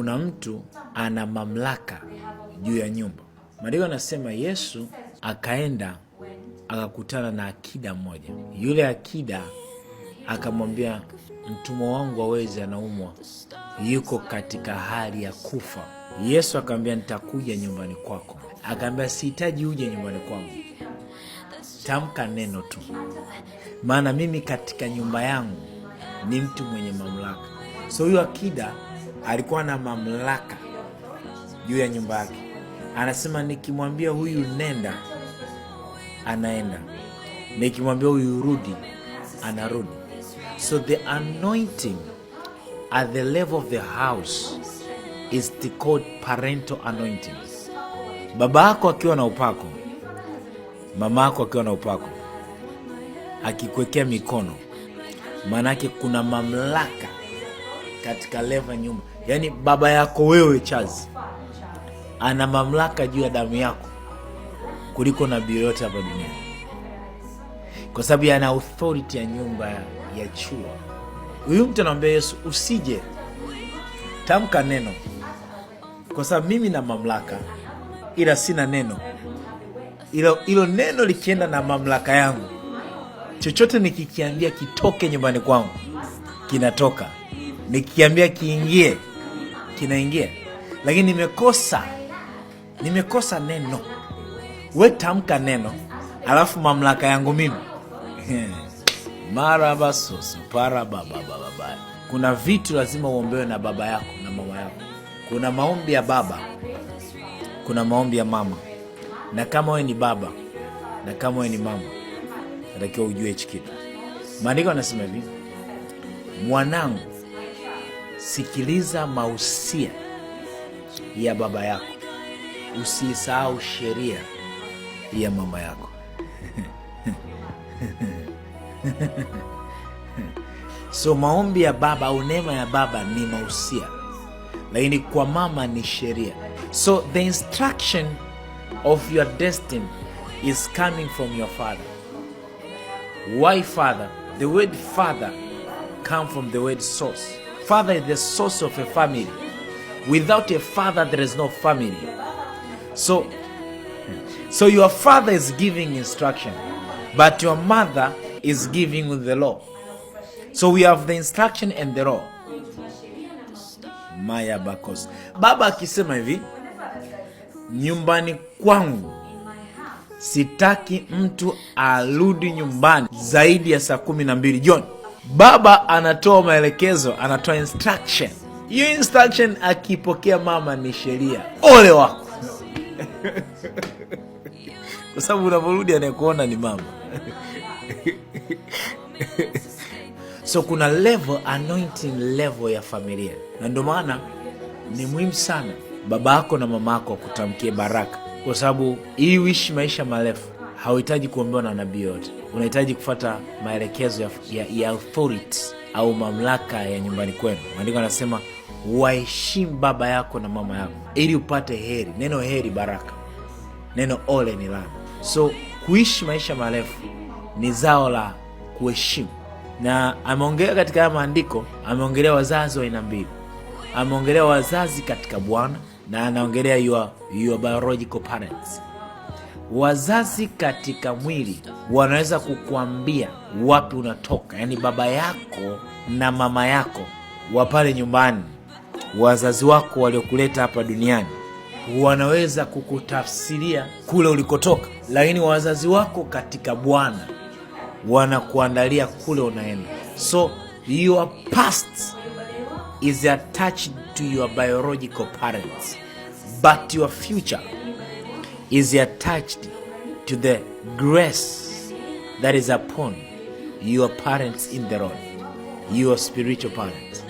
Kuna mtu ana mamlaka juu ya nyumba. Maandiko anasema Yesu akaenda akakutana na akida mmoja. Yule akida akamwambia, mtumwa wangu awezi, anaumwa, yuko katika hali ya kufa. Yesu akamwambia, nitakuja nyumbani kwako. Akaambia, sihitaji uje nyumbani kwangu, tamka neno tu, maana mimi katika nyumba yangu ni mtu mwenye mamlaka. So huyo akida alikuwa na mamlaka juu ya nyumba yake. Anasema nikimwambia huyu nenda, anaenda, nikimwambia huyu rudi, anarudi. So the anointing at the level of the house is the called parental anointing. Baba yako akiwa na upako, mama yako akiwa na upako, akikuwekea mikono, maanake kuna mamlaka katika leva nyuma, yaani baba yako wewe Chazi ana mamlaka juu ya damu yako kuliko nabii yoyote hapa duniani, kwa sababu ana authority ya nyumba ya chuo. Huyu mtu anamwambia Yesu, usije tamka neno, kwa sababu mimi na mamlaka, ila sina neno. Hilo neno likienda na mamlaka yangu, chochote nikikiambia kitoke nyumbani kwangu kinatoka nikiambia kiingie kinaingia, lakini nimekosa nimekosa neno. We tamka neno, alafu mamlaka yangu mimi mara soso para Kuna vitu lazima uombewe na baba yako na mama yako. Kuna maombi ya baba, kuna maombi ya mama, na kama wewe ni baba na kama wewe ni mama, natakiwa ujue hichi kitu. Maandiko anasema hivi, mwanangu sikiliza mausia ya baba yako, usisahau sheria ya mama yako. So maombi ya baba au neema ya baba ni mausia, lakini kwa mama ni sheria. So the instruction of your destiny is coming from your father. Why father? The word father come from the word source Father is the source of a family. Without a father, there is no family. So, so your father is giving instruction, but your mother is giving the law. So we have the instruction and the law. Maya Bakos. Baba akisema hivi, nyumbani kwangu sitaki mtu arudi nyumbani zaidi ya saa kumi na mbili John baba anatoa maelekezo, anatoa instruction. Hiyo instruction akipokea mama ni sheria, ole wako kwa sababu unavorudi anayekuona ni mama so kuna level anointing level ya familia, na ndio maana ni muhimu sana baba yako na mama yako wakutamkie baraka, kwa sababu hii uishi maisha marefu hauhitaji kuombewa na nabii yoyote, unahitaji kufata maelekezo ya, ya, ya authority au mamlaka ya nyumbani kwenu. Maandiko anasema waheshimu baba yako na mama yako ili upate heri. Neno heri baraka, neno ole ni laana. So kuishi maisha marefu ni zao la kuheshimu, na ameongelea katika haya maandiko, ameongelea wazazi wa aina mbili, ameongelea wazazi katika Bwana na anaongelea your, your biological parents. Wazazi katika mwili wanaweza kukuambia wapi unatoka, yaani baba yako na mama yako wa pale nyumbani, wazazi wako waliokuleta hapa duniani wanaweza kukutafsiria kule ulikotoka, lakini wazazi wako katika Bwana wanakuandalia kule unaenda. So your past is attached to your biological parents but your future is attached to the grace that is upon your parents in the Lord, your spiritual parents.